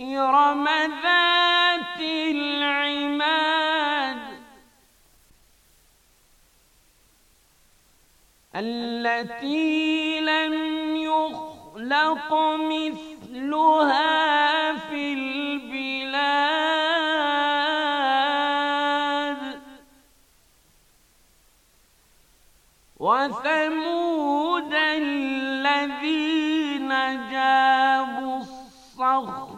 إرم ذات العماد التي لم يخلق مثلها في البلاد وثمود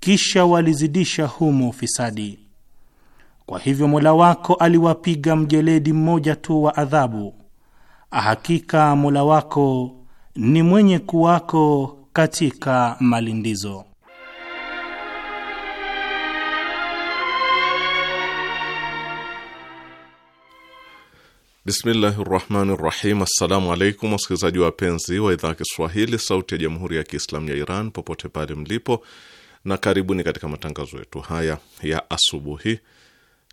kisha walizidisha humo ufisadi. Kwa hivyo Mola wako aliwapiga mjeledi mmoja tu wa adhabu. Hakika Mola wako ni mwenye kuwako katika malindizo. Bismillahi rahmani rahim. Assalamu alaikum wasikilizaji wapenzi wa idhaa ya Kiswahili, sauti ya jamhuri ya kiislamu ya Iran, popote pale mlipo na karibuni katika matangazo yetu haya ya asubuhi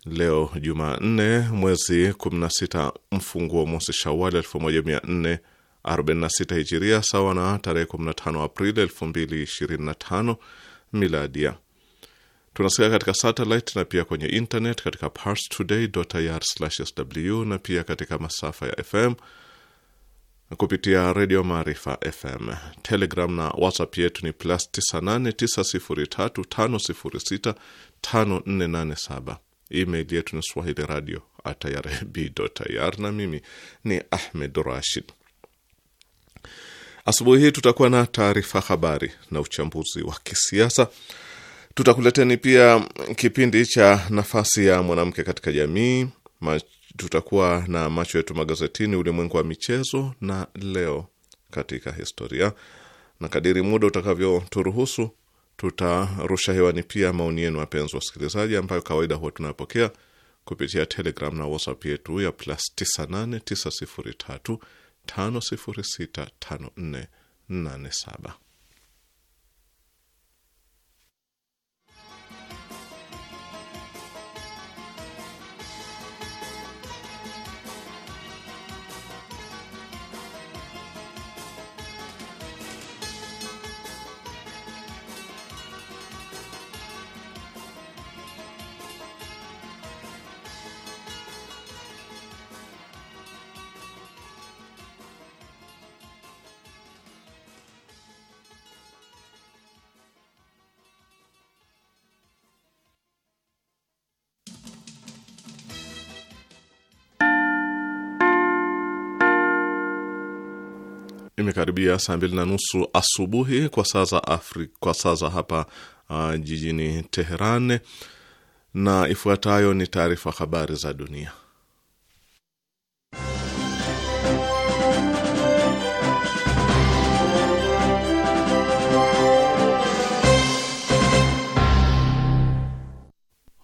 leo Jumanne mwezi 16 mfunguo mosi Shawali 1446 hijiria sawa na tarehe 15 Aprili 2025 miladia. Tunasikia katika satellite na pia kwenye internet katika parstoday.ir/sw na pia katika masafa ya FM kupitia Redio Maarifa FM. Telegram na WhatsApp yetu ni plus 989035065487. Email yetu ni swahili radio irib.ir, na mimi ni Ahmed Rashid. Asubuhi hii tutakuwa na taarifa habari na uchambuzi wa kisiasa. Tutakuleteni pia kipindi cha nafasi ya mwanamke katika jamii, tutakuwa na macho yetu magazetini, ulimwengu wa michezo na leo katika historia, na kadiri muda utakavyoturuhusu tutarusha hewani pia maoni yenu, wapenzi wasikilizaji, ambayo kawaida huwa tunapokea kupitia Telegram na WhatsApp yetu ya plus 98 903 506 5487. imekaribia saa mbili na nusu asubuhi kwa saa za Afri, kwa saa za hapa uh, jijini Teheran, na ifuatayo ni taarifa habari za dunia.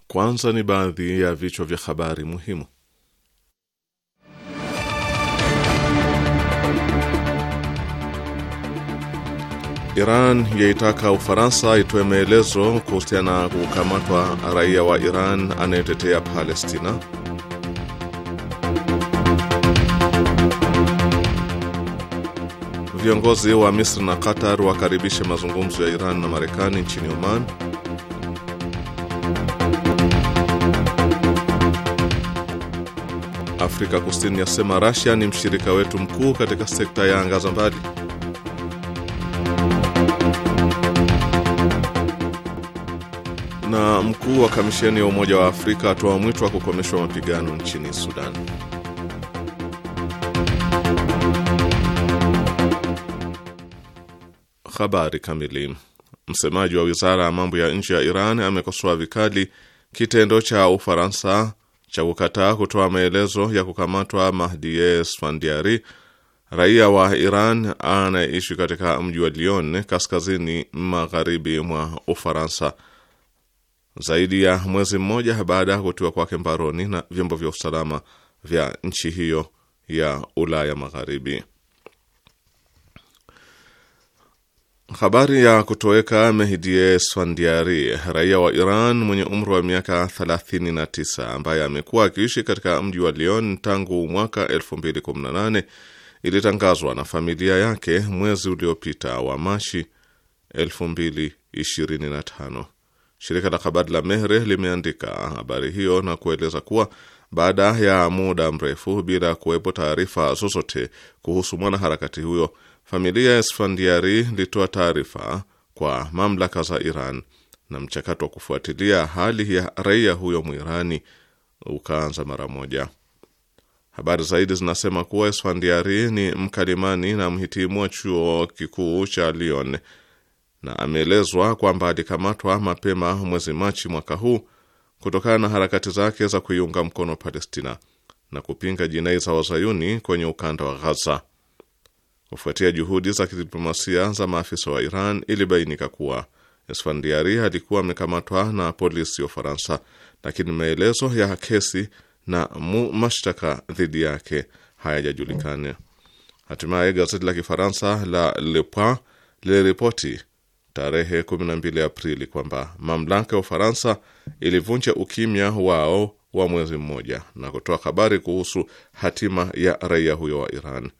Kwanza ni baadhi ya vichwa vya habari muhimu. Iran yaitaka Ufaransa itoe maelezo kuhusiana na kukamatwa raia wa Iran anayetetea Palestina. Viongozi wa Misri na Qatar wakaribishe mazungumzo ya Iran na Marekani nchini Oman. Afrika Kusini yasema Russia ni mshirika wetu mkuu katika sekta ya anga za mbali. na mkuu wa kamisheni ya Umoja wa Afrika atoa mwito wa kukomeshwa mapigano nchini Sudan. Habari kamili. Msemaji wa wizara ya mambo ya nje ya Iran amekosoa vikali kitendo cha Ufaransa cha kukataa kutoa maelezo ya kukamatwa Mahdi Esfandiari, raia wa Iran anayeishi katika mji wa Lyon, kaskazini magharibi mwa Ufaransa zaidi ya mwezi mmoja baada ya kutiwa kwake mbaroni na vyombo vya usalama vya nchi hiyo ya Ulaya Magharibi. Habari ya kutoweka mehdie swandiari raia wa Iran mwenye umri wa miaka 39 ambaye amekuwa akiishi katika mji wa Lyon tangu mwaka 2018 ilitangazwa na familia yake mwezi uliopita wa Machi 2025. Shirika la habari la Mehre limeandika habari hiyo na kueleza kuwa baada ya muda mrefu bila kuwepo taarifa zozote kuhusu mwanaharakati huyo, familia ya Esfandiari ilitoa taarifa kwa mamlaka za Iran na mchakato wa kufuatilia hali ya raia huyo Mwirani ukaanza mara moja. Habari zaidi zinasema kuwa Esfandiari ni mkalimani na mhitimu wa chuo kikuu cha Lyon na ameelezwa kwamba alikamatwa mapema mwezi Machi mwaka huu kutokana na harakati zake za kuiunga mkono Palestina na kupinga jinai za wazayuni kwenye ukanda wa Ghaza. Kufuatia juhudi za kidiplomasia za maafisa wa Iran, ilibainika kuwa Esfandiari alikuwa amekamatwa na polisi ya Ufaransa, lakini maelezo ya kesi na mu mashtaka dhidi yake hayajajulikana. Hatimaye gazeti la Kifaransa la Le Point liliripoti tarehe 12 Aprili kwamba mamlaka ya Ufaransa ilivunja ukimya wao wa mwezi mmoja na kutoa habari kuhusu hatima ya raia huyo wa Iran.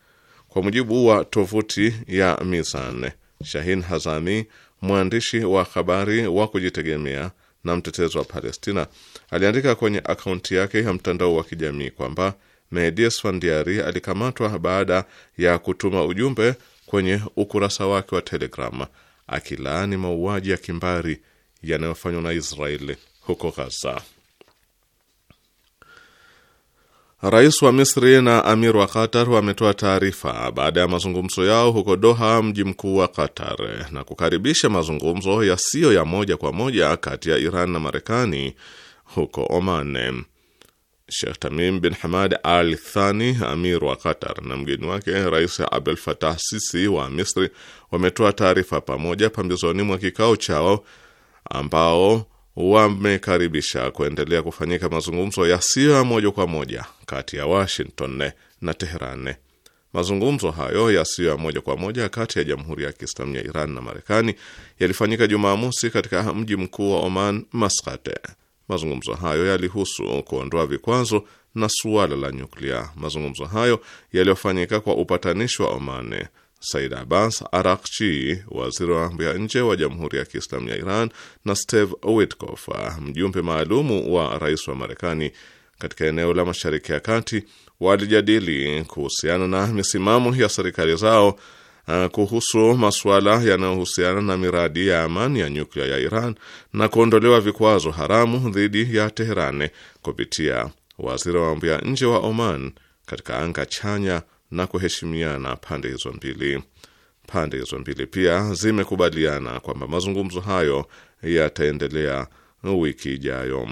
Kwa mujibu wa tovuti ya Mizan, Shahin Hazani, mwandishi wa habari wa kujitegemea na mtetezi wa Palestina, aliandika kwenye akaunti yake ya mtandao wa kijamii kwamba Mehdi Esfandiari alikamatwa baada ya kutuma ujumbe kwenye ukurasa wake wa Telegram akilaani mauaji ya kimbari yanayofanywa na Israeli huko Gaza. Rais wa Misri na Amir wa Qatar wametoa taarifa baada ya mazungumzo yao huko Doha, mji mkuu wa Qatar, na kukaribisha mazungumzo yasiyo ya moja kwa moja kati ya Iran na Marekani huko Oman. Shekh Tamim bin Hamad Al Thani, amir wa Qatar, na mgeni wake Rais Abdel Fatah Sisi wa Misri wametoa taarifa pamoja pambizoni mwa kikao chao ambao wamekaribisha kuendelea kufanyika mazungumzo yasiyo ya moja kwa moja kati ya Washington na Teheran. Mazungumzo hayo yasiyo ya moja kwa moja kati ya Jamhuri ya Kiislamu ya Iran na Marekani yalifanyika Jumamosi katika mji mkuu wa Oman, maskate Mazungumzo hayo yalihusu kuondoa vikwazo na suala la nyuklia. Mazungumzo hayo yaliyofanyika kwa upatanishi wa Oman, Said Abbas Arakchi, waziri wa mambo ya nje wa Jamhuri ya Kiislamu ya Iran, na Steve Witkoff, mjumbe maalumu wa rais wa Marekani katika eneo la Mashariki ya Kati, walijadili kuhusiana na misimamo ya serikali zao Uh, kuhusu masuala yanayohusiana na miradi ya amani ya nyuklia ya Iran na kuondolewa vikwazo haramu dhidi ya Teheran kupitia waziri wa mambo ya nje wa Oman katika anga chanya na kuheshimiana pande hizo mbili. Pande hizo mbili pia zimekubaliana kwamba mazungumzo hayo yataendelea wiki ijayo.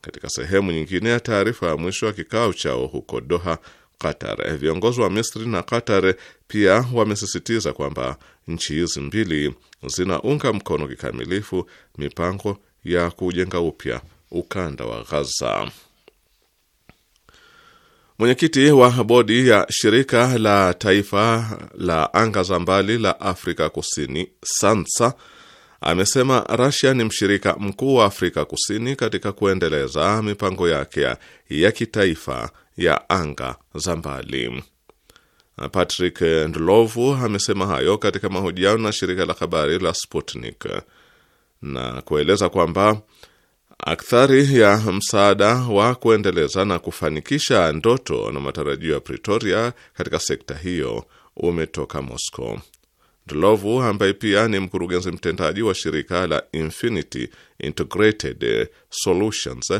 Katika sehemu nyingine ya taarifa ya mwisho ya kikao chao huko Doha Qatar. Viongozi wa Misri na Qatar pia wamesisitiza kwamba nchi hizi mbili zinaunga mkono kikamilifu mipango ya kujenga upya ukanda wa Gaza. Mwenyekiti wa bodi ya shirika la taifa la anga za mbali la Afrika Kusini SANSA amesema rasia ni mshirika mkuu wa Afrika Kusini katika kuendeleza mipango yake ya kitaifa ya anga za mbali. Patrick Ndlovu amesema hayo katika mahojiano na shirika la habari la Sputnik na kueleza kwamba akthari ya msaada wa kuendeleza na kufanikisha ndoto na matarajio ya Pretoria katika sekta hiyo umetoka Moscow. Ndlovu ambaye pia ni mkurugenzi mtendaji wa shirika la Infinity Integrated Solutions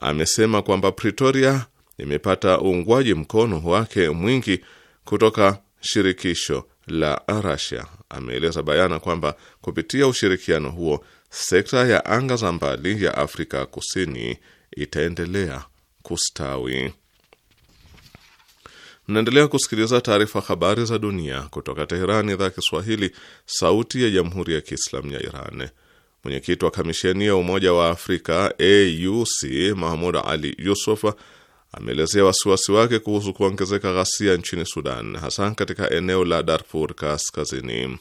amesema kwamba Pretoria imepata uungwaji mkono wake mwingi kutoka shirikisho la Russia. Ameeleza bayana kwamba kupitia ushirikiano huo sekta ya anga za mbali ya Afrika Kusini itaendelea kustawi. Mnaendelea kusikiliza taarifa habari za dunia kutoka Teherani, idhaa ya Kiswahili, sauti ya jamhuri ya kiislamu ya Iran. Mwenyekiti wa kamisheni ya Umoja wa Afrika AUC Mahmud Ali Yusuf ameelezea wasiwasi wake kuhusu kuongezeka ghasia nchini Sudan, hasa katika eneo la Darfur Kaskazini.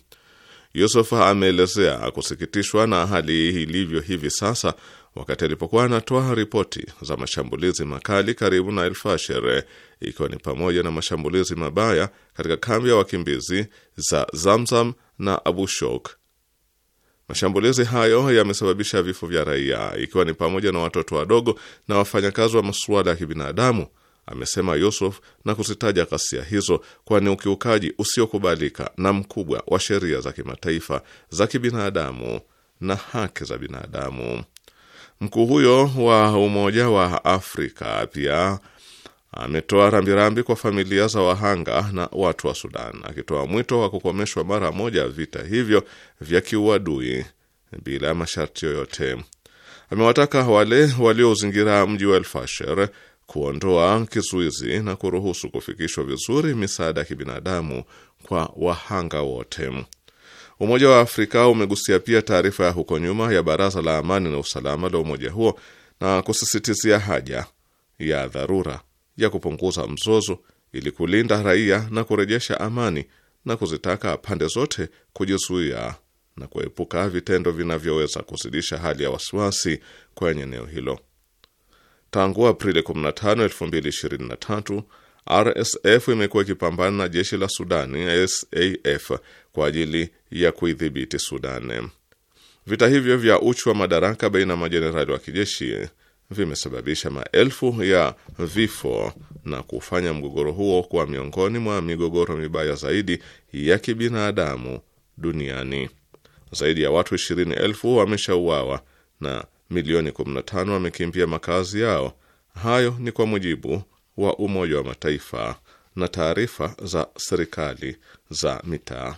Yusuf ameelezea kusikitishwa na hali ilivyo hivi sasa, wakati alipokuwa anatoa ripoti za mashambulizi makali karibu na El ikiwa ni pamoja na mashambulizi mabaya katika kambi ya wakimbizi za Zamzam na Abu Shouk Mashambulizi hayo yamesababisha vifo vya raia ikiwa ni pamoja na watoto wadogo na wafanyakazi wa masuala ya kibinadamu, amesema Yusuf na kuzitaja ghasia hizo kuwa ni ukiukaji usiokubalika na mkubwa wa sheria za kimataifa za kibinadamu na haki za binadamu. Mkuu huyo wa Umoja wa Afrika pia ametoa rambirambi kwa familia za wahanga na watu wa Sudan, akitoa mwito wa kukomeshwa mara moja vita hivyo vya kiuadui bila masharti yoyote. Amewataka wale waliouzingira mji wa Elfasher kuondoa kizuizi na kuruhusu kufikishwa vizuri misaada ya kibinadamu kwa wahanga wote. Umoja wa Afrika umegusia pia taarifa ya huko nyuma ya Baraza la Amani na Usalama la umoja huo na kusisitizia haja ya dharura ya kupunguza mzozo ili kulinda raia na kurejesha amani na kuzitaka pande zote kujizuia na kuepuka vitendo vinavyoweza kuzidisha hali ya wasiwasi kwenye eneo hilo. Tangu Aprili 15, 2023 RSF imekuwa ikipambana na jeshi la Sudani SAF kwa ajili ya kuidhibiti Sudan. Vita hivyo vya uchu wa madaraka baina ya majenerali wa kijeshi vimesababisha maelfu ya vifo na kufanya mgogoro huo kuwa miongoni mwa migogoro mibaya zaidi ya kibinadamu duniani. Zaidi ya watu ishirini elfu wameshauawa na milioni 15 wamekimbia makazi yao. Hayo ni kwa mujibu wa Umoja wa Mataifa na taarifa za serikali za mitaa.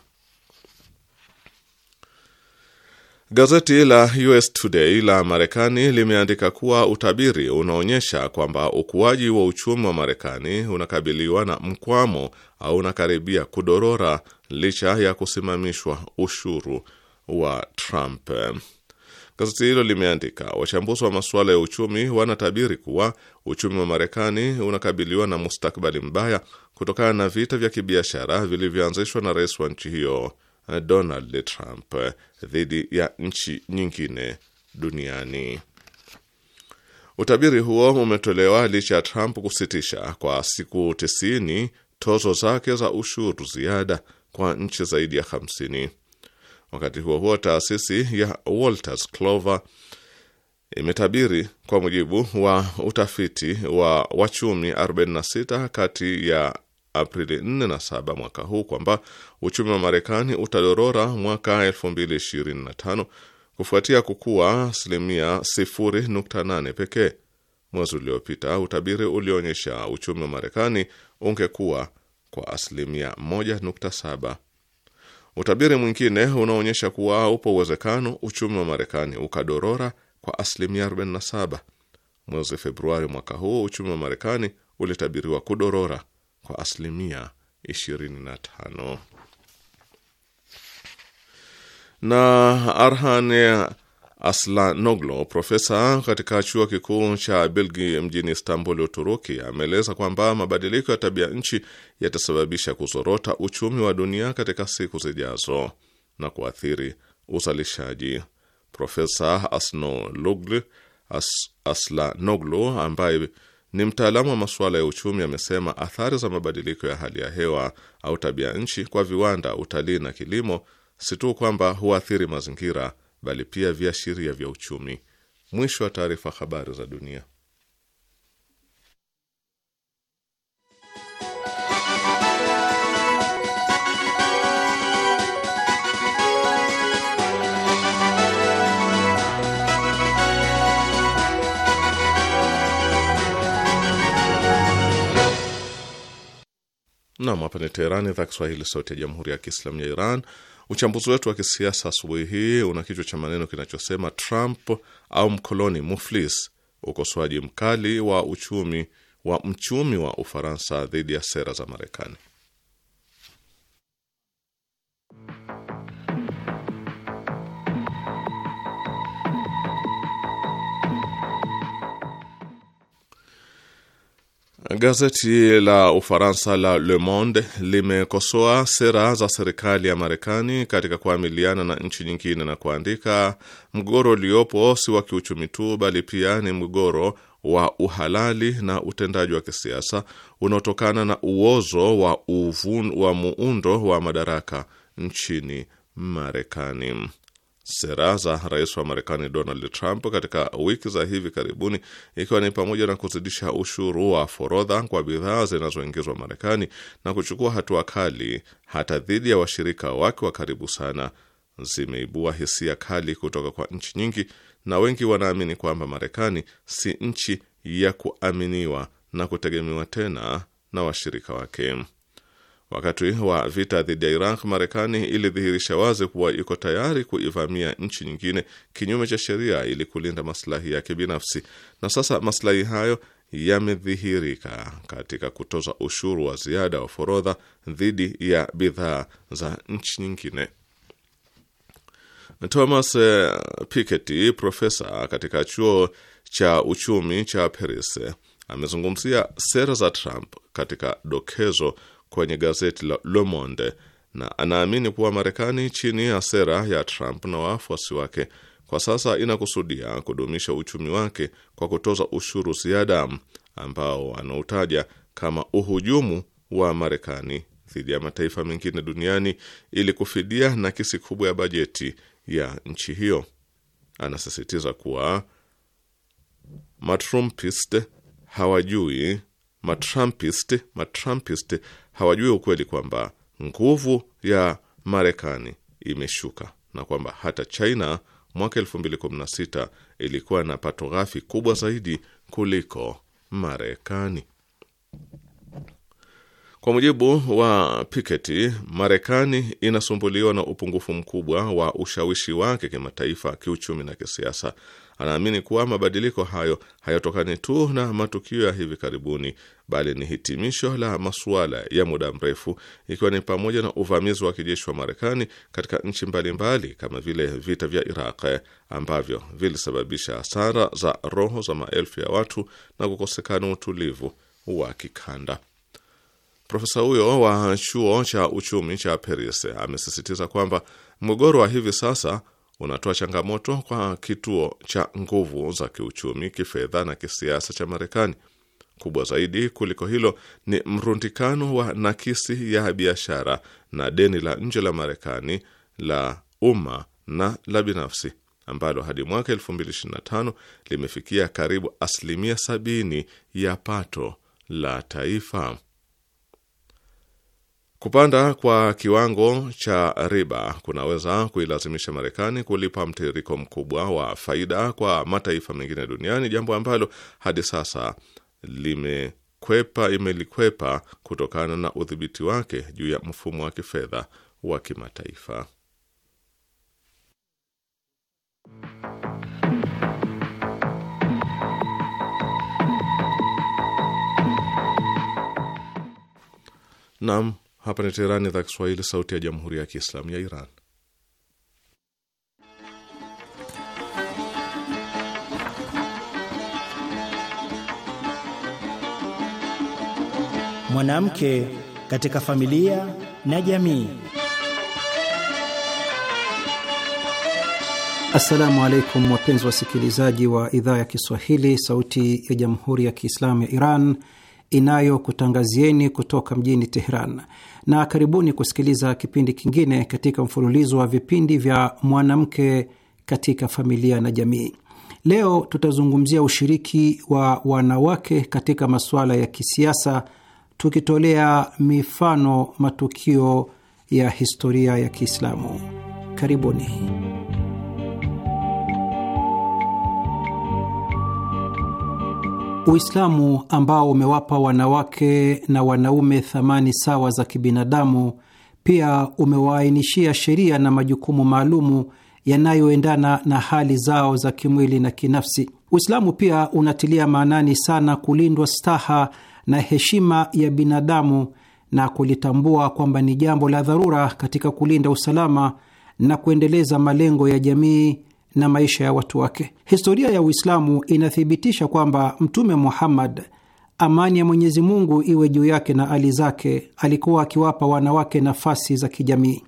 Gazeti la US Today la Marekani limeandika kuwa utabiri unaonyesha kwamba ukuaji wa uchumi wa Marekani unakabiliwa na mkwamo au unakaribia kudorora licha ya kusimamishwa ushuru wa Trump. Gazeti hilo limeandika wachambuzi wa masuala ya uchumi wanatabiri kuwa uchumi wa Marekani unakabiliwa na mustakabali mbaya kutokana na vita vya kibiashara vilivyoanzishwa na rais wa nchi hiyo Donald Trump dhidi ya nchi nyingine duniani. Utabiri huo umetolewa licha ya Trump kusitisha kwa siku tisini tozo zake za ushuru ziada kwa nchi zaidi ya 50. Wakati huo huo, taasisi ya Wolters clover imetabiri kwa mujibu wa utafiti wa wachumi 46 kati ya Aprili 4 na 7 mwaka huu kwamba uchumi wa Marekani utadorora mwaka 2025 kufuatia kukua asilimia 0.8 pekee. Mwezi uliopita utabiri ulioonyesha uchumi wa Marekani ungekuwa kwa asilimia 1.7. Utabiri mwingine unaonyesha kuwa upo uwezekano uchumi wa Marekani ukadorora kwa asilimia 47. Mwezi Februari mwaka huu uchumi wa Marekani ulitabiriwa kudorora kwa asilimia 25. Na Arhan Aslanoglo, profesa katika chuo kikuu cha Belgi mjini Istanbul, Uturuki, ameeleza kwamba mabadiliko ya tabia nchi yatasababisha kuzorota uchumi wa dunia katika siku zijazo na kuathiri uzalishaji. Profesa Aslanoglu ambaye ni mtaalamu wa masuala ya uchumi amesema athari za mabadiliko ya hali ya hewa au tabia nchi kwa viwanda, utalii na kilimo si tu kwamba huathiri mazingira, bali pia viashiria vya uchumi. Mwisho wa taarifa. Habari za dunia. Nam, hapa ni Teherani, idhaa Kiswahili, sauti ya jamhuri ya kiislamu ya Iran. Uchambuzi wetu wa kisiasa asubuhi hii una kichwa cha maneno kinachosema Trump au mkoloni muflis, ukosoaji mkali wa uchumi wa mchumi wa Ufaransa dhidi ya sera za Marekani. Gazeti la Ufaransa la Le Monde limekosoa sera za serikali ya Marekani katika kuamiliana na nchi nyingine na kuandika, mgogoro uliopo si wa kiuchumi tu, bali pia ni mgogoro wa uhalali na utendaji wa kisiasa unaotokana na uozo wa, uvun, wa muundo wa madaraka nchini Marekani sera za rais wa Marekani Donald Trump katika wiki za hivi karibuni, ikiwa ni pamoja na kuzidisha ushuru wa forodha kwa bidhaa zinazoingizwa Marekani na kuchukua hatua kali hata dhidi ya washirika wake wa karibu sana, zimeibua hisia kali kutoka kwa nchi nyingi, na wengi wanaamini kwamba Marekani si nchi ya kuaminiwa na kutegemewa tena na washirika wake. Wakati wa vita dhidi ya Iraq, Marekani ilidhihirisha wazi kuwa iko tayari kuivamia nchi nyingine kinyume cha sheria ili kulinda maslahi yake binafsi, na sasa maslahi hayo yamedhihirika katika kutoza ushuru wa ziada wa forodha dhidi ya bidhaa za nchi nyingine. Thomas eh, Piketty, profesa katika chuo cha uchumi cha Paris, amezungumzia sera za Trump katika dokezo kwenye gazeti la Le Monde na anaamini kuwa Marekani chini ya sera ya Trump na wafuasi wake kwa sasa inakusudia kudumisha uchumi wake kwa kutoza ushuru ziada ambao anautaja kama uhujumu wa Marekani dhidi ya mataifa mengine duniani ili kufidia nakisi kubwa ya bajeti ya nchi hiyo. Anasisitiza kuwa matrumpist hawajui matrumpist matrumpist hawajui ukweli kwamba nguvu ya Marekani imeshuka na kwamba hata China mwaka 2016 ilikuwa na pato ghafi kubwa zaidi kuliko Marekani. Kwa mujibu wa Piketty, Marekani inasumbuliwa na upungufu mkubwa wa ushawishi wake kimataifa, kiuchumi na kisiasa. Anaamini kuwa mabadiliko hayo hayatokani tu na matukio ya hivi karibuni, bali ni hitimisho la masuala ya muda mrefu, ikiwa ni pamoja na uvamizi wa kijeshi wa Marekani katika nchi mbalimbali kama vile vita vya Iraq ambavyo vilisababisha hasara za roho za maelfu ya watu na kukosekana utulivu wa kikanda. Profesa huyo wa chuo cha uchumi cha Paris amesisitiza kwamba mgogoro wa hivi sasa unatoa changamoto kwa kituo cha nguvu za kiuchumi, kifedha na kisiasa cha Marekani. Kubwa zaidi kuliko hilo ni mrundikano wa nakisi ya biashara na deni la nje la Marekani la umma na la binafsi ambalo hadi mwaka 2025 limefikia karibu asilimia 70 ya pato la taifa. Kupanda kwa kiwango cha riba kunaweza kuilazimisha Marekani kulipa mtiririko mkubwa wa faida kwa mataifa mengine duniani, jambo ambalo hadi sasa limekwepa imelikwepa kutokana na udhibiti wake juu ya mfumo wa kifedha wa kimataifa. Naam. Hapa ni Teherani, idhaa Kiswahili, sauti ya jamhuri ya kiislamu ya Iran. Mwanamke katika familia na jamii. Assalamu alaikum, wapenzi wasikilizaji wa idhaa ya Kiswahili, sauti ya jamhuri ya kiislamu ya Iran inayokutangazieni kutoka mjini Teheran, na karibuni kusikiliza kipindi kingine katika mfululizo wa vipindi vya mwanamke katika familia na jamii. Leo tutazungumzia ushiriki wa wanawake katika masuala ya kisiasa, tukitolea mifano matukio ya historia ya Kiislamu. Karibuni. Uislamu ambao umewapa wanawake na wanaume thamani sawa za kibinadamu, pia umewaainishia sheria na majukumu maalumu yanayoendana na hali zao za kimwili na kinafsi. Uislamu pia unatilia maanani sana kulindwa staha na heshima ya binadamu na kulitambua kwamba ni jambo la dharura katika kulinda usalama na kuendeleza malengo ya jamii na maisha ya watu wake. Historia ya Uislamu inathibitisha kwamba Mtume Muhammad, amani ya Mwenyezi Mungu iwe juu yake na ali zake, alikuwa akiwapa wanawake nafasi za kijamii.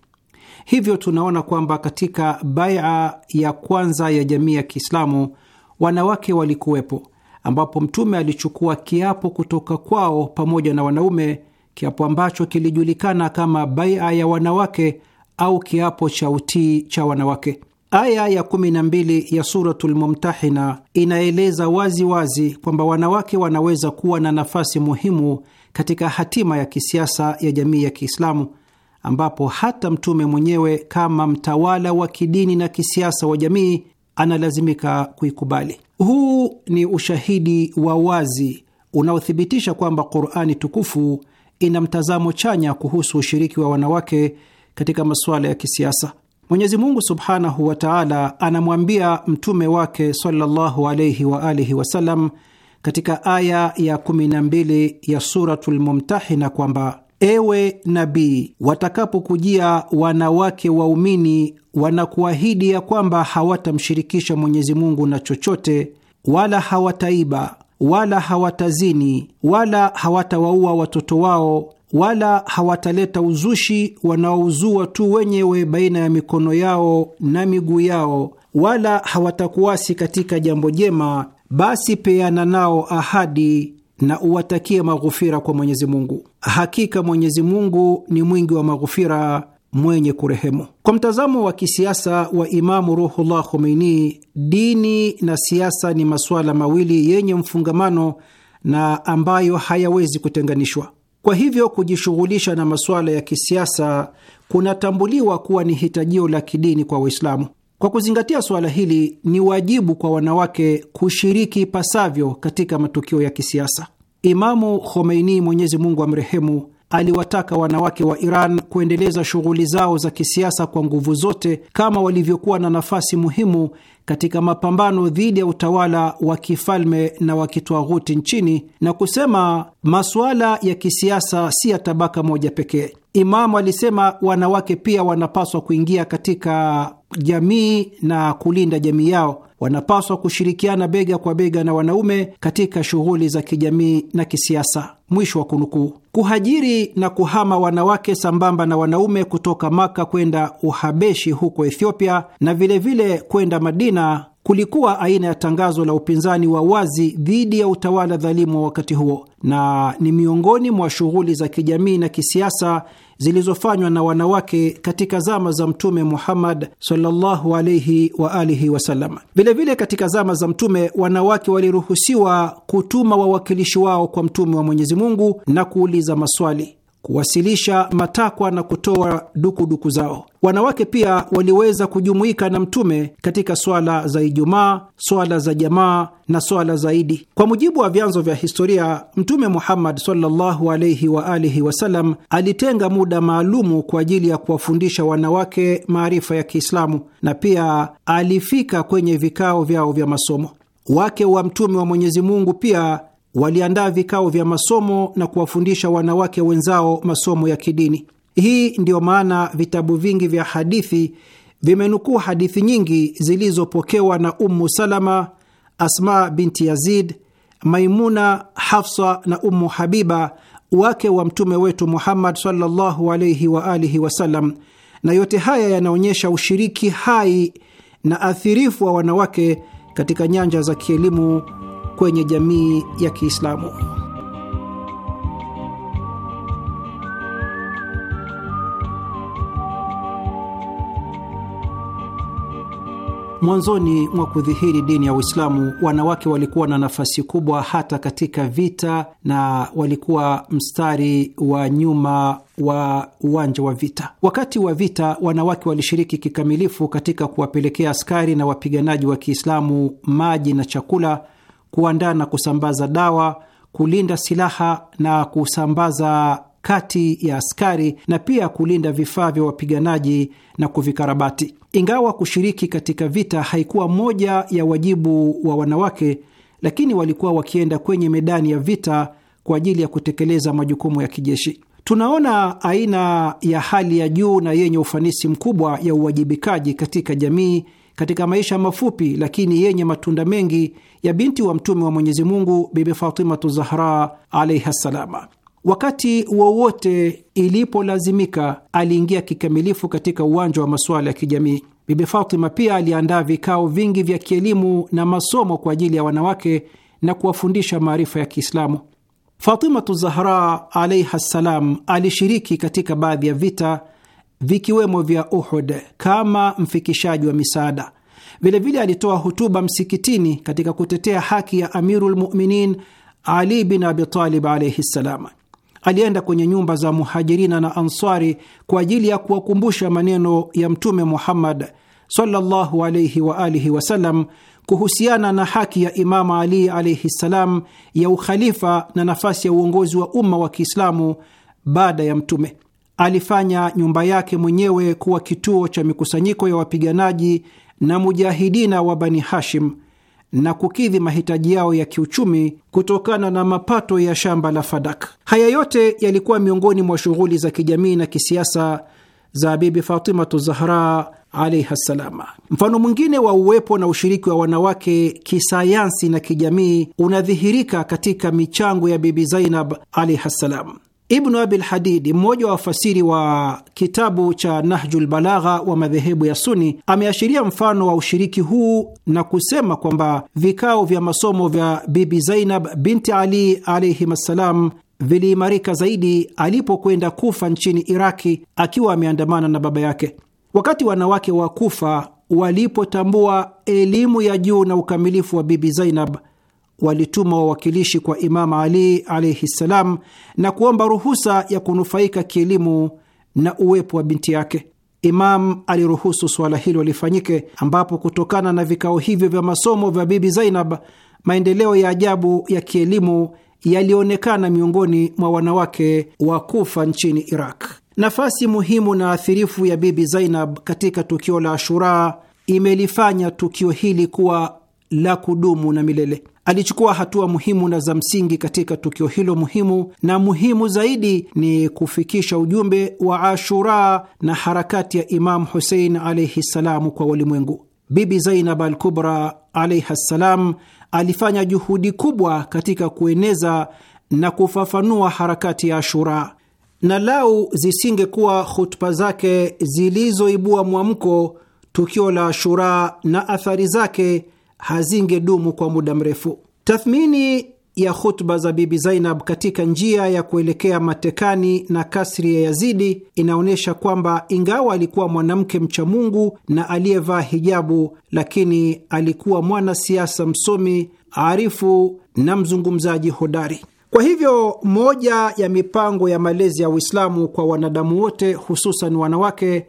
Hivyo tunaona kwamba katika baia ya kwanza ya jamii ya Kiislamu wanawake walikuwepo, ambapo Mtume alichukua kiapo kutoka kwao pamoja na wanaume, kiapo ambacho kilijulikana kama baia ya wanawake au kiapo cha utii cha wanawake. Aya ya 12 ya Suratul Mumtahina inaeleza wazi wazi kwamba wanawake wanaweza kuwa na nafasi muhimu katika hatima ya kisiasa ya jamii ya Kiislamu, ambapo hata Mtume mwenyewe kama mtawala wa kidini na kisiasa wa jamii analazimika kuikubali. Huu ni ushahidi wa wazi unaothibitisha kwamba Qur'ani tukufu ina mtazamo chanya kuhusu ushiriki wa wanawake katika masuala ya kisiasa. Mwenyezi Mungu subhanahu wa taala anamwambia mtume wake sallallahu alaihi wa alihi wasallam katika aya ya 12 ya Suratul Mumtahina kwamba Ewe nabii, watakapokujia wanawake waumini wanakuahidi ya kwamba hawatamshirikisha Mwenyezi Mungu na chochote, wala hawataiba, wala hawatazini, wala hawatawaua watoto wao wala hawataleta uzushi wanaouzua tu wenyewe baina ya mikono yao na miguu yao, wala hawatakuasi katika jambo jema, basi peana nao ahadi na uwatakie maghufira kwa Mwenyezi Mungu. Hakika Mwenyezi Mungu ni mwingi wa maghufira, mwenye kurehemu. Kwa mtazamo wa kisiasa wa Imamu Ruhullah Khomeini, dini na siasa ni masuala mawili yenye mfungamano na ambayo hayawezi kutenganishwa. Kwa hivyo kujishughulisha na masuala ya kisiasa kunatambuliwa kuwa ni hitajio la kidini kwa Waislamu. Kwa kuzingatia suala hili, ni wajibu kwa wanawake kushiriki ipasavyo katika matukio ya kisiasa. Imamu Khomeini, Mwenyezi Mungu amrehemu, aliwataka wanawake wa Iran kuendeleza shughuli zao za kisiasa kwa nguvu zote kama walivyokuwa na nafasi muhimu katika mapambano dhidi ya utawala wa kifalme na wa kitwaghuti nchini na kusema masuala ya kisiasa si ya tabaka moja pekee. Imamu alisema wanawake pia wanapaswa kuingia katika jamii na kulinda jamii yao wanapaswa kushirikiana bega kwa bega na wanaume katika shughuli za kijamii na kisiasa. Mwisho wa kunukuu. Kuhajiri na kuhama wanawake sambamba na wanaume kutoka Maka kwenda Uhabeshi huko Ethiopia na vilevile kwenda Madina kulikuwa aina ya tangazo la upinzani wa wazi dhidi ya utawala dhalimu wa wakati huo na ni miongoni mwa shughuli za kijamii na kisiasa zilizofanywa na wanawake katika zama za Mtume Muhammad sallallahu alaihi wa alihi wasallam. Vilevile katika zama za Mtume wanawake waliruhusiwa kutuma wawakilishi wao kwa Mtume wa Mwenyezi Mungu na kuuliza maswali kuwasilisha matakwa na kutoa dukuduku zao. Wanawake pia waliweza kujumuika na Mtume katika swala za Ijumaa, swala za jamaa na swala zaidi Kwa mujibu wa vyanzo vya historia, Mtume Muhammad sallallahu alaihi wa alihi wasallam alitenga muda maalumu kwa ajili ya kuwafundisha wanawake maarifa ya Kiislamu, na pia alifika kwenye vikao vyao vya masomo. Wake wa Mtume wa Mwenyezi Mungu pia waliandaa vikao vya masomo na kuwafundisha wanawake wenzao masomo ya kidini. Hii ndiyo maana vitabu vingi vya hadithi vimenukuu hadithi nyingi zilizopokewa na Ummu Salama, Asma binti Yazid, Maimuna, Hafsa na Ummu Habiba, wake wa Mtume wetu Muhammad sallallahu wa alihi wasallam, na yote haya yanaonyesha ushiriki hai na athirifu wa wanawake katika nyanja za kielimu kwenye jamii ya Kiislamu. Mwanzoni mwa kudhihiri dini ya Uislamu, wanawake walikuwa na nafasi kubwa hata katika vita na walikuwa mstari wa nyuma wa uwanja wa vita. Wakati wa vita, wanawake walishiriki kikamilifu katika kuwapelekea askari na wapiganaji wa Kiislamu maji na chakula kuandaa na kusambaza dawa, kulinda silaha na kusambaza kati ya askari na pia kulinda vifaa vya wapiganaji na kuvikarabati. Ingawa kushiriki katika vita haikuwa moja ya wajibu wa wanawake, lakini walikuwa wakienda kwenye medani ya vita kwa ajili ya kutekeleza majukumu ya kijeshi. Tunaona aina ya hali ya juu na yenye ufanisi mkubwa ya uwajibikaji katika jamii katika maisha mafupi lakini yenye matunda mengi ya binti wa mtume wa Mwenyezi Mungu, Bibi Fatimatu Zahra alaiha ssalama. Wakati wowote ilipolazimika, aliingia kikamilifu katika uwanja wa masuala ya kijamii. Bibi Fatima pia aliandaa vikao vingi vya kielimu na masomo kwa ajili ya wanawake na kuwafundisha maarifa ya Kiislamu. Fatimatu Zahra alaiha ssalam alishiriki katika baadhi ya vita vikiwemo vya Uhud kama mfikishaji wa misaada. Vilevile alitoa hutuba msikitini katika kutetea haki ya amirulmuminin Ali bin Abitalib alaihi ssalam. Alienda kwenye nyumba za Muhajirina na Ansari kwa ajili ya kuwakumbusha maneno ya Mtume Muhammad sallallahu alaihi wa alihi wasallam kuhusiana na haki ya Imamu Ali alaihi ssalam ya ukhalifa na nafasi ya uongozi wa umma wa Kiislamu baada ya Mtume alifanya nyumba yake mwenyewe kuwa kituo cha mikusanyiko ya wapiganaji na mujahidina wa Bani Hashim na kukidhi mahitaji yao ya kiuchumi kutokana na mapato ya shamba la Fadak. Haya yote yalikuwa miongoni mwa shughuli za kijamii na kisiasa za Bibi Fatimatu Zahra alaiha ssalama. Mfano mwingine wa uwepo na ushiriki wa wanawake kisayansi na kijamii unadhihirika katika michango ya Bibi Zainab alaihi ssalam. Ibnu Abil Hadidi, mmoja wa wafasiri wa kitabu cha Nahjul Balagha wa madhehebu ya Suni, ameashiria mfano wa ushiriki huu na kusema kwamba vikao vya masomo vya Bibi Zainab binti Ali alaihim assalam viliimarika zaidi alipokwenda Kufa nchini Iraki akiwa ameandamana na baba yake. Wakati wanawake wa Kufa walipotambua elimu ya juu na ukamilifu wa Bibi Zainab walituma wawakilishi kwa Imamu Ali alaihi ssalam na kuomba ruhusa ya kunufaika kielimu na uwepo wa binti yake. Imam aliruhusu suala hilo lifanyike, ambapo kutokana na vikao hivyo vya masomo vya Bibi Zainab, maendeleo ya ajabu ya kielimu yalionekana miongoni mwa wanawake wa Kufa nchini Iraq. Nafasi muhimu na athirifu ya Bibi Zainab katika tukio la Ashura imelifanya tukio hili kuwa la kudumu na milele alichukua hatua muhimu na za msingi katika tukio hilo muhimu, na muhimu zaidi ni kufikisha ujumbe wa Ashura na harakati ya Imamu Husein alaihi ssalamu kwa walimwengu. Bibi Zainab al Kubra alaihi ssalam alifanya juhudi kubwa katika kueneza na kufafanua harakati ya Ashura, na lau zisingekuwa hutuba zake zilizoibua mwamko, tukio la Ashura na athari zake hazingedumu kwa muda mrefu. Tathmini ya hutuba za Bibi Zainab katika njia ya kuelekea matekani na kasri ya Yazidi inaonyesha kwamba ingawa alikuwa mwanamke mcha Mungu na aliyevaa hijabu, lakini alikuwa mwanasiasa msomi, arifu na mzungumzaji hodari. Kwa hivyo moja ya mipango ya malezi ya Uislamu kwa wanadamu wote, hususan wanawake,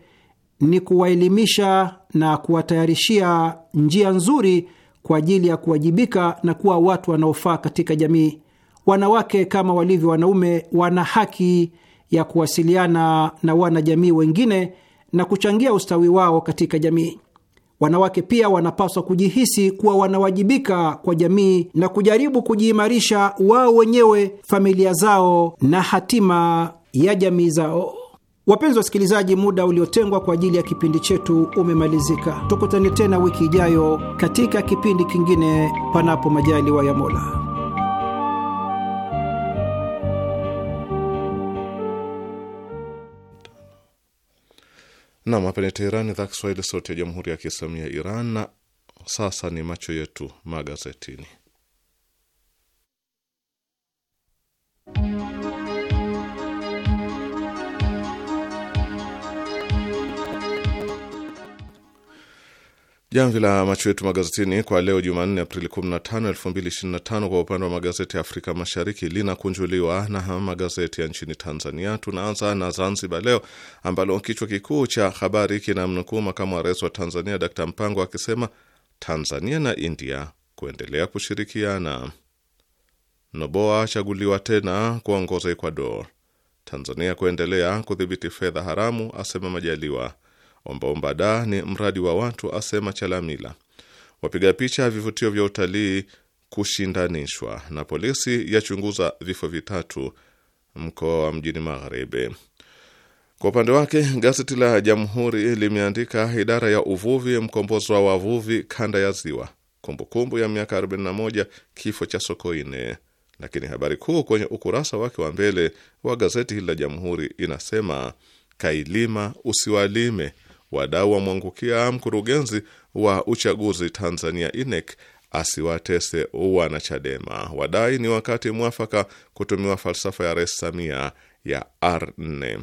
ni kuwaelimisha na kuwatayarishia njia nzuri kwa ajili ya kuwajibika na kuwa watu wanaofaa katika jamii. Wanawake kama walivyo wanaume, wana haki ya kuwasiliana na wanajamii wengine na kuchangia ustawi wao katika jamii. Wanawake pia wanapaswa kujihisi kuwa wanawajibika kwa jamii na kujaribu kujiimarisha wao wenyewe, familia zao na hatima ya jamii zao. Wapenzi wa wasikilizaji, muda uliotengwa kwa ajili ya kipindi chetu umemalizika. Tukutane tena wiki ijayo katika kipindi kingine, panapo majaliwa ya Mola. Nam, hapa ni Teherani, idhaa Kiswahili, sauti ya jamhuri ya kiislamia ya Iran. Na sasa ni macho yetu magazetini. Jamvi la macho yetu magazetini kwa leo Jumanne, Aprili 15, 2025. Kwa upande wa magazeti ya Afrika Mashariki linakunjuliwa na magazeti ya nchini Tanzania. Tunaanza na Zanzibar Leo ambalo kichwa kikuu cha habari kinamnukuu makamu wa rais wa Tanzania Dkt Mpango akisema Tanzania na India kuendelea kushirikiana. Noboa achaguliwa tena kuongoza Ecuador. Tanzania kuendelea kudhibiti fedha haramu, asema Majaliwa. Ombaomba da ni mradi wa watu, asema Chalamila. Wapiga picha vivutio vya utalii kushindanishwa, na polisi yachunguza vifo vitatu mkoa wa mjini Magharibi. Kwa upande wake gazeti la Jamhuri limeandika idara ya uvuvi mkombozi wa wavuvi kanda ya Ziwa, kumbukumbu ya miaka 41 kifo cha Sokoine. Lakini habari kuu kwenye ukurasa wake wa mbele wa gazeti hili la Jamhuri inasema kailima usiwalime Wadau wamwangukia mkurugenzi wa uchaguzi Tanzania INEC asiwatese wanachadema, wadai ni wakati mwafaka kutumiwa falsafa ya Rais Samia ya R4.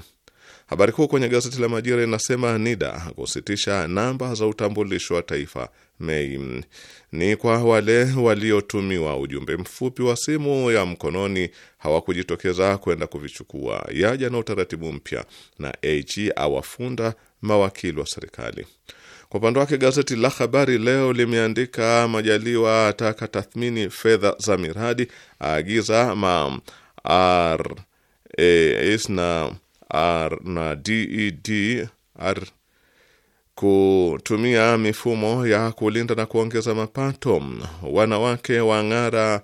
Habari kuu kwenye gazeti la Majira inasema NIDA kusitisha namba za utambulisho wa taifa Mei. Ni kwa wale waliotumiwa ujumbe mfupi wa simu ya mkononi hawakujitokeza kwenda kuvichukua, yaja na utaratibu mpya, na AG awafunda mawakili wa serikali. Kwa upande wake gazeti la Habari Leo limeandika Majaliwa ataka tathmini fedha za miradi, aagiza ma na R na e R kutumia mifumo ya kulinda na kuongeza mapato. Wanawake wang'ara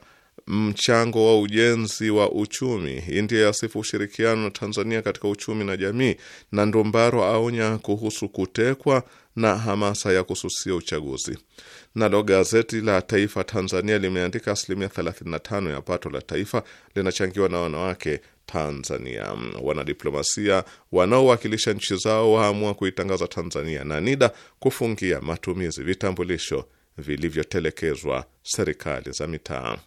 mchango wa ujenzi wa uchumi. India yasifu ushirikiano na Tanzania katika uchumi na jamii, na Ndumbaro aonya kuhusu kutekwa na hamasa ya kususia uchaguzi. Nalo gazeti la Taifa Tanzania limeandika asilimia 35 ya pato la taifa linachangiwa na wanawake Tanzania. Wanadiplomasia wanaowakilisha nchi zao waamua kuitangaza Tanzania na NIDA kufungia matumizi vitambulisho vilivyotelekezwa serikali za mitaa.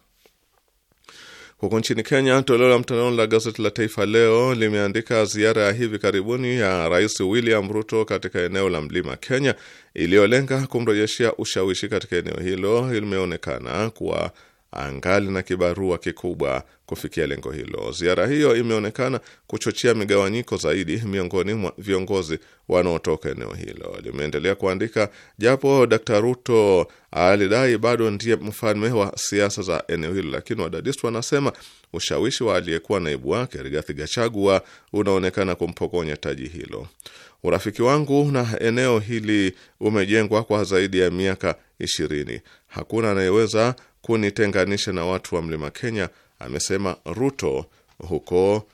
Huko nchini Kenya, toleo la mtandaoni la gazeti la Taifa Leo limeandika ziara ya hivi karibuni ya Rais William Ruto katika eneo la mlima Kenya, iliyolenga kumrejeshea ushawishi katika eneo hilo, limeonekana kuwa angali na kibarua kikubwa kufikia lengo hilo. Ziara hiyo imeonekana kuchochea migawanyiko zaidi miongoni mwa viongozi wanaotoka eneo hilo, limeendelea kuandika. Japo d Ruto alidai bado ndiye mfalme wa siasa za eneo hilo, lakini wadadisi wanasema ushawishi wa aliyekuwa naibu wake Rigathi Gachagua unaonekana kumpokonya taji hilo. Urafiki wangu na eneo hili umejengwa kwa zaidi ya miaka ishirini. Hakuna anayeweza kunitenganisha na watu wa mlima Kenya, amesema Ruto huko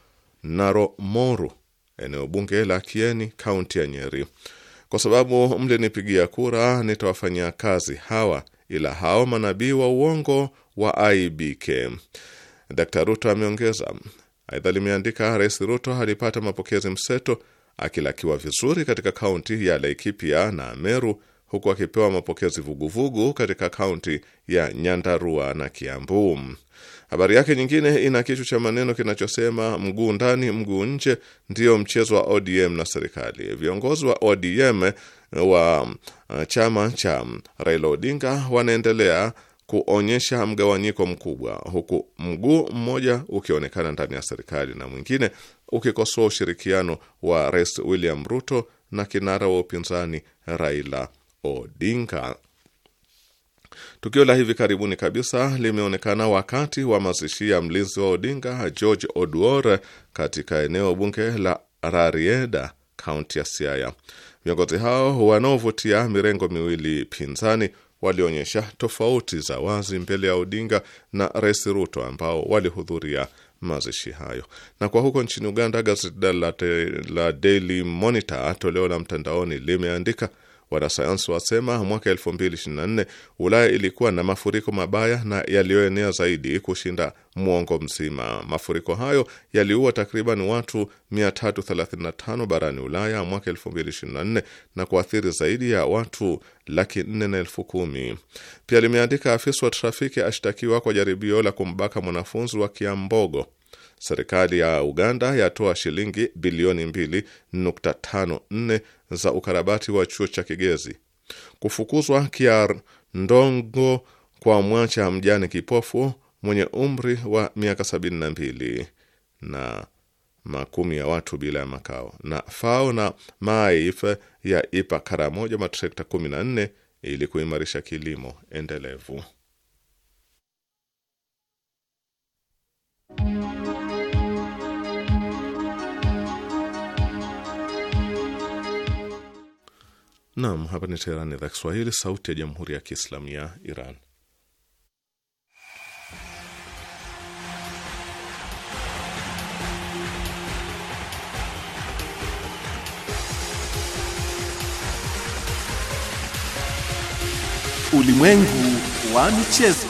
Naromoru, eneo bunge la Kieni, kaunti ya Nyeri. Kwa sababu mlinipigia kura, nitawafanyia kazi hawa, ila hao manabii wa uongo wa IBK. Dr Ruto ameongeza. Aidha limeandika Rais Ruto alipata mapokezi mseto akilakiwa vizuri katika kaunti ya Laikipia na Meru huku akipewa mapokezi vuguvugu katika kaunti ya Nyandarua na Kiambu. Habari yake nyingine ina kichwa cha maneno kinachosema mguu ndani mguu nje ndiyo mchezo wa ODM na serikali. Viongozi wa ODM wa uh, chama cha Raila Odinga wanaendelea kuonyesha mgawanyiko mkubwa, huku mguu mmoja ukionekana ndani ya serikali na mwingine ukikosoa ushirikiano wa Rais William Ruto na kinara wa upinzani Raila Odinga. Tukio la hivi karibuni kabisa limeonekana wakati wa mazishi ya mlinzi wa Odinga George Oduor katika eneo bunge la Rarieda, kaunti ya Siaya. Viongozi hao wanaovutia mirengo miwili pinzani walionyesha tofauti za wazi mbele ya Odinga na Rais Ruto ambao walihudhuria mazishi hayo. Na kwa huko nchini Uganda, gazeti la Daily Monitor toleo la mtandaoni limeandika Wanasayansi wasema mwaka 2024 Ulaya ilikuwa na mafuriko mabaya na yaliyoenea zaidi kushinda mwongo mzima. Mafuriko hayo yaliua takriban watu 335 barani Ulaya mwaka 2024 na kuathiri zaidi ya watu laki nne na elfu kumi. Pia limeandika afisa wa trafiki ashtakiwa kwa jaribio la kumbaka mwanafunzi wa Kiambogo Serikali ya Uganda yatoa shilingi bilioni 2.54 za ukarabati wa chuo cha Kigezi. Kufukuzwa Kiar Ndongo kwa mwacha mjane kipofu mwenye umri wa miaka 72 na makumi ya watu bila ya makao. Na FAO na MAIF ya ipa moja matrekta 14 ili kuimarisha kilimo endelevu. Naam, hapa ni Teherani, idhaa Kiswahili, sauti ya jamhuri ya kiislamu ya Iran. Ulimwengu wa michezo